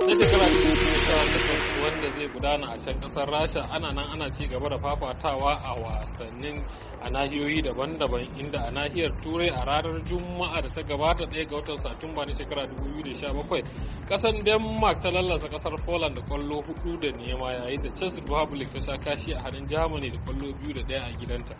На этой wanda zai gudana a can kasar rasha ana nan ana ci gaba da fafatawa a wasannin a nahiyoyi daban-daban inda a nahiyar turai a ranar juma'a da ta gabata ɗaya ga watan satumba na shekara 2017 kasan denmark ta lallasa kasar poland da kwallo hudu da nema yayin da czech republic ta sha kashi a hannun germany da kwallo biyu da ɗaya a gidanta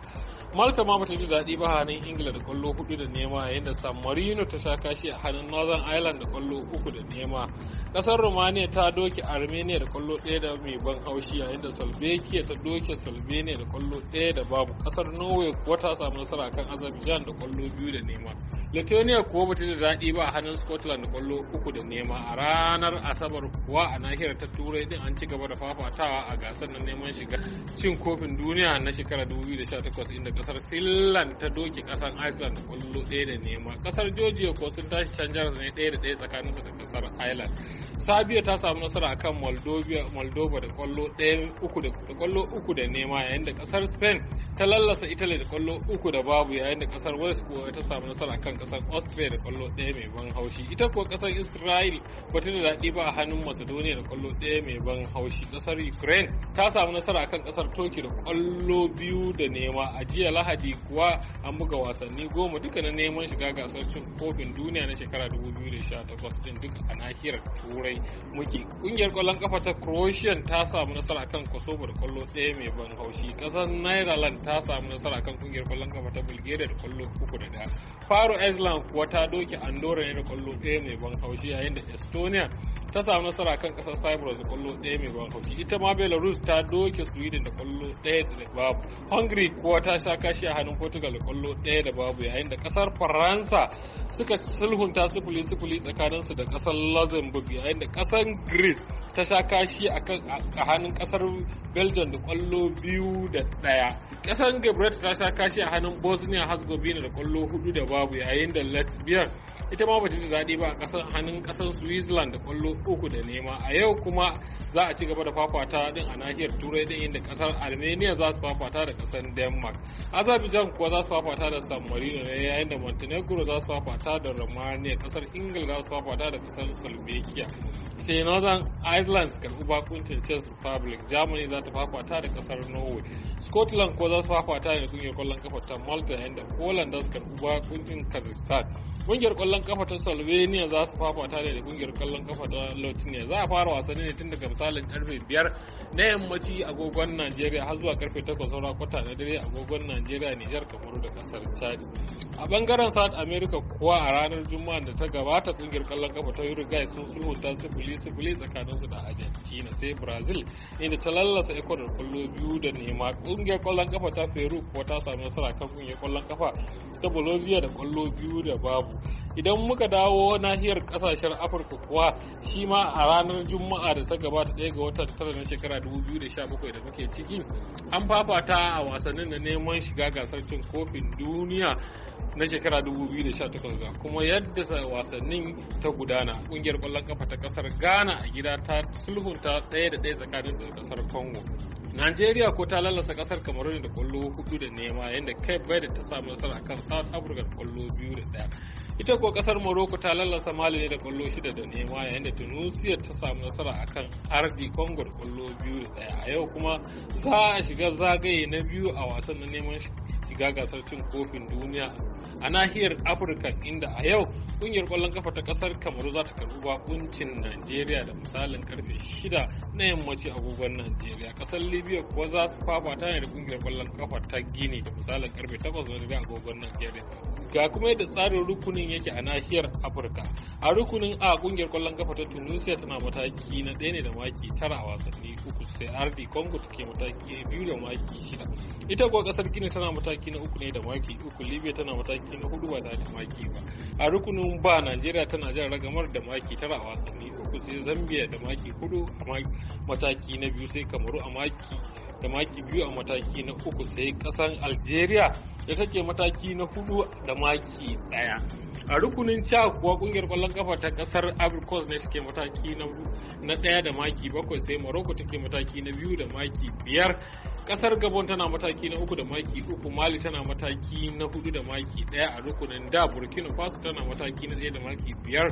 malta ma bata ji daɗi ba hannun ingila da kwallo hudu da nema yayin da san marino ta sha kashi a hannun northern ireland da kwallo uku da nema kasar romania ta doke armenia da kwallo kwallo ɗaya da mai ban haushi yayin da salbekiya ta doke salbe ne da kwallo ɗaya da babu kasar norway kuwa ta samu nasara kan azerbaijan da kwallo biyu da neman lithuania kuwa bata da daɗi ba a hannun scotland kwallo uku da nema a ranar asabar kuwa a nahiyar ta turai din an ci gaba da fafatawa a gasar na neman shiga cin kofin duniya na shekarar 2018 inda kasar finland ta doke kasar iceland da kwallo ɗaya da nema kasar georgia ko sun tashi canjar ne ɗaya da ɗaya su da kasar ireland Sabiya ta samu nasara akan Moldova da kwallo uku da nema yayin da kasar Spain ta lallasa italy da kwallo uku da babu yayin da kasar wales ko ta samu nasara kan kasar austria da kwallo ɗaya mai ban haushi ita kuwa kasar israel wata da daɗi ba a hannun macedonia da kwallo ɗaya mai ban haushi kasar ukraine ta samu nasara kan kasar turkey da kwallo biyu da nema a jiya lahadi kuwa an buga wasanni goma duka na neman shiga gasar cin kofin duniya na shekara 2018 din duka a nahiyar turai muke kungiyar kwallon kafa ta croatian ta samu nasara kan kosovo da kwallo ɗaya mai ban haushi kasar netherland. ta samu nasara kan kungiyar kwallon kafa ta bulgaria da kwallo uku da daya faro island kuwa ta doke andorra ne da kwallo ɗaya mai ban haushi yayin da estonia ta samu nasara kan kasar cyprus da kwallo ɗaya mai ruwan hauki ita ma belarus ta doke sweden da kwallo ɗaya da babu hungary kuwa ta sha kashi a hannun portugal da kwallo ɗaya da babu yayin da kasar faransa suka sulhunta sifili sifili su da kasar luxembourg yayin da kasar greece ta sha kashi a hannun kasar belgium da kwallo biyu da ɗaya kasar gabriel ta sha kashi a hannun bosnia herzegovina da kwallo hudu da babu yayin da lesbian ita ma bata ji daɗi ba a hannun kasar switzerland da kwallo uku da nema a yau kuma za a ci gaba da fafata din a nahiyar turai din inda kasar armenia za su fafata da kasar denmark azerbaijan kuwa za su fafata da san marino ne yayin da montenegro za su fafata da romania kasar ingila za su fafata da kasar slovakia sai northern iceland karɓi bakuncin czech republic germany za ta fafata da kasar norway scotland ko za su fafata da kungiyar kwallon kafa ta malta yayin da poland za su karbi bakuncin kazakhstan kungiyar kwallon kafa ta slovenia za su fafata ne da kungiyar kwallon kafa ta Lotinia. za a fara wasanni ne tun daga misalin karfe 5 na yammaci agogon najeriya har zuwa karfe 8 saura kwata na dare agogon najeriya nijar kamaru da kasar chad a bangaren south america kuwa a ranar juma'a da ta gabata kungiyar kallon kafa ta uruguay sun sulhunta sifili sifili tsakanin su da argentina sai brazil inda ta lallasa ecuador kwallo biyu da nema kungiyar kwallon kafa ta peru kuwa ta sami nasara kan kungiyar kwallon kafa ta bolivia da kwallo biyu da babu idan muka dawo nahiyar kasashen afirka kuwa shi ma a ranar juma'a da ta gabata ɗaya ga watan tara na shekara 2017 da muke ciki an fafata a wasannin da neman shiga gasar cin kofin duniya na shekara 2018 ga kuma yadda wasannin ta gudana kungiyar kwallon kafa ta kasar ghana a gida ta sulhunta ɗaya da ɗaya tsakanin da kasar congo Najeriya ko ta lalasa kasar Cameroon da kwallo hudu da nema yadda kai bai da ta samu nasara akan South Africa da kwallo biyu da daya. ita ko kasar morocco ta lallasa mali ne da kwallo shida da nema yayin da tunisia ta samu nasara akan ardi congo da kwallo biyu da daya a yau kuma za a shiga zagaye na biyu a wasan na neman shiga gasar cin kofin duniya a nahiyar afirka inda a yau kungiyar kwallon kafa ta kasar kamaru za ta karbi bakuncin najeriya da misalin karfe shida na yammaci agogon najeriya kasar libya kuwa za su ta ne da kungiyar kwallon kafa ta gini da misalin karfe takwas na dare agogon najeriya ga kuma yadda tsarin rukunin yake a nahiyar afirka a rukunin a kungiyar kwallon kafa ta tunisia tana mataki na 1 ne da maki tara a wasanni uku sai rd congo take mataki biyu da maki shida ita kuwa kasar gini tana mataki na uku ne da maki uku libya tana mataki na hudu ba tare da maki ba a rukunin ba najeriya tana jan ragamar da maki tara a wasanni uku sai zambia da maki hudu a mataki na biyu sai kamaru a maki da maki biyu a mataki na uku sai kasar algeria da take mataki na hudu da maki daya a rukunin ca kuwa kungiyar kwallon kafa ta kasar abrikos ne take mataki na daya da maki bakwai sai morocco take mataki na biyu da maki biyar kasar gabon tana mataki na uku da maki uku mali tana mataki na hudu da maki daya a rukunin da burkina faso tana mataki na daya da maki biyar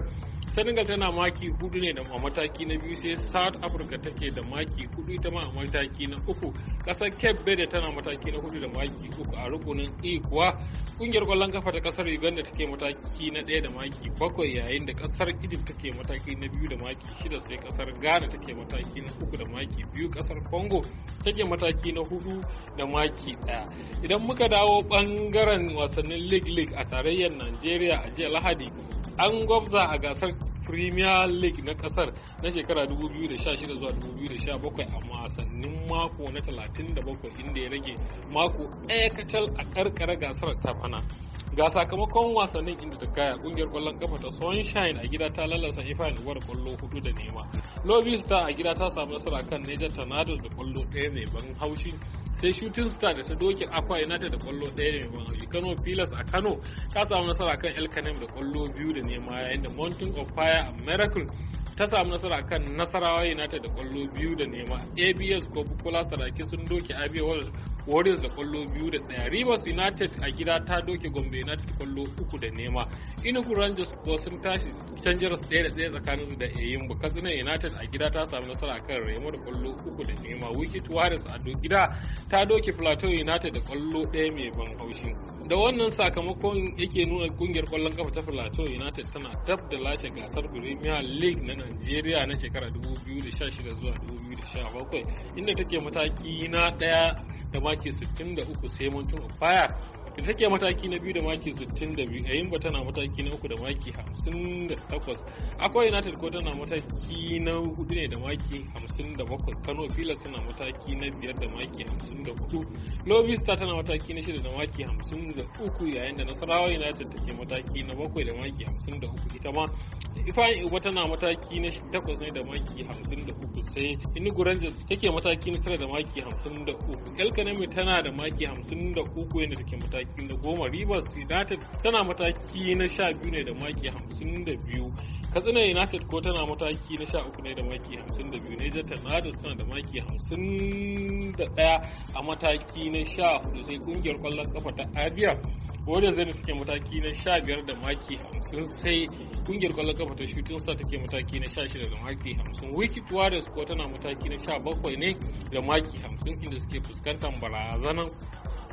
senegal tana maki hudu ne a mataki na biyu sai south africa take da maki hudu ita ma a mataki na uku kasar cape verde tana mataki na hudu da maki uku a rukunin e kuwa Kungiyar kwallon kafa ta kasar Uganda take mataki na ɗaya da maki bakwai yayin da kasar Egypt take mataki na biyu da maki shida sai kasar Ghana take mataki na uku da maki biyu kasar Congo take mataki na hudu da maki ɗaya. Idan muka dawo bangaren wasannin League League a tarayyar Najeriya a jiya Lahadi an gwabza a gasar premier league na kasar na shekara 2016 zuwa 2017 a wasannin mako na 37 inda ya rage mako ɗaya kacal a karkara gasar ta fana ga sakamakon wasannin inda ta kaya kungiyar kwallon kafa ta sunshine a gida ta lalasa ifan kwallo hudu da nema lobby star a gida ta samu nasara kan niger tornadoes da kwallo ɗaya mai ban haushi sai shooting star da ta doke aqua united da kwallo ɗaya ne mai ban kano pilas a kano ta samu nasara kan el kanem da kwallo biyu da nema yayin da mountain of fire a miracle ta samu nasara kan nasarawa united da kwallo biyu da nema abs ko bukola saraki sun doke abia warriors da kwallo biyu da daya rivers united a gida ta doke gombe united kwallo uku da nema inugu rangers ko sun tashi canjar daya da daya tsakanin su da eyimbu katsina united a gida ta samu nasara kan remo da kwallo uku da nema wicket warriors a gida ta doke plateau united da kwallo daya mai ban haushi da wannan sakamakon yake nuna kungiyar kwallon kafa ta plateau united tana dab da lashe gasar premier league na nigeria na shekara 2016 zuwa 2017 inda take mataki na daya da maki 63 sai mun of fire ita take mataki na biyu da maki 62 yayin ba tana mataki na uku da maki 58 akwai na ko tana mataki na hudu ne da maki 57 kano filas tana mataki na biyar da maki 54 lovista tana mataki na shida da maki 53 yayin da nasarawa united take mataki na bakwai da maki 54 ita ma ifayin uba tana mataki na takwas ne da maki 53 sai inugu rangers take mataki na tara da maki 53 elkanemi tana da maki 53 yadda take mataki mataki na goma rivers united tana mataki na sha biyu ne da maki hamsin da biyu katsina united ko tana mataki na sha uku ne da maki hamsin da biyu niger tornadoes tana da maki hamsin da daya a mataki na sha hudu sai kungiyar kwallon kafa ta abia wadda zai suke mataki na sha biyar da maki hamsin sai kungiyar kwallon kafa ta shooting star take mataki na sha shida da maki hamsin wicked warriors ko tana mataki na sha bakwai ne da maki hamsin inda suke fuskantar barazanar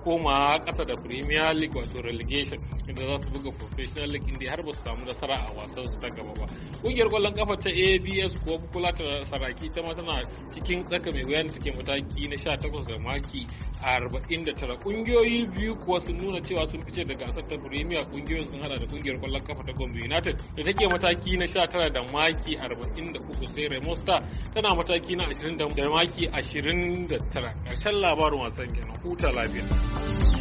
koma ƙasa da premier league wato relegation inda za su buga professional league inda har ba su samu nasara a wasan su ta gaba ba ƙungiyar kwallon kafa ta abs ko kula ta saraki ta ma tana cikin tsaka mai wuya da take mataki na 18 da maki 49 kungiyoyi biyu kuwa sun nuna cewa sun fice daga gasar ta premier kungiyoyin sun hada da kungiyar kwallon kafa ta gombe united da take mataki na 19 da maki 43 sai remo star tana mataki na 20 da maki 29 karshen labarin wasan kenan huta lafiya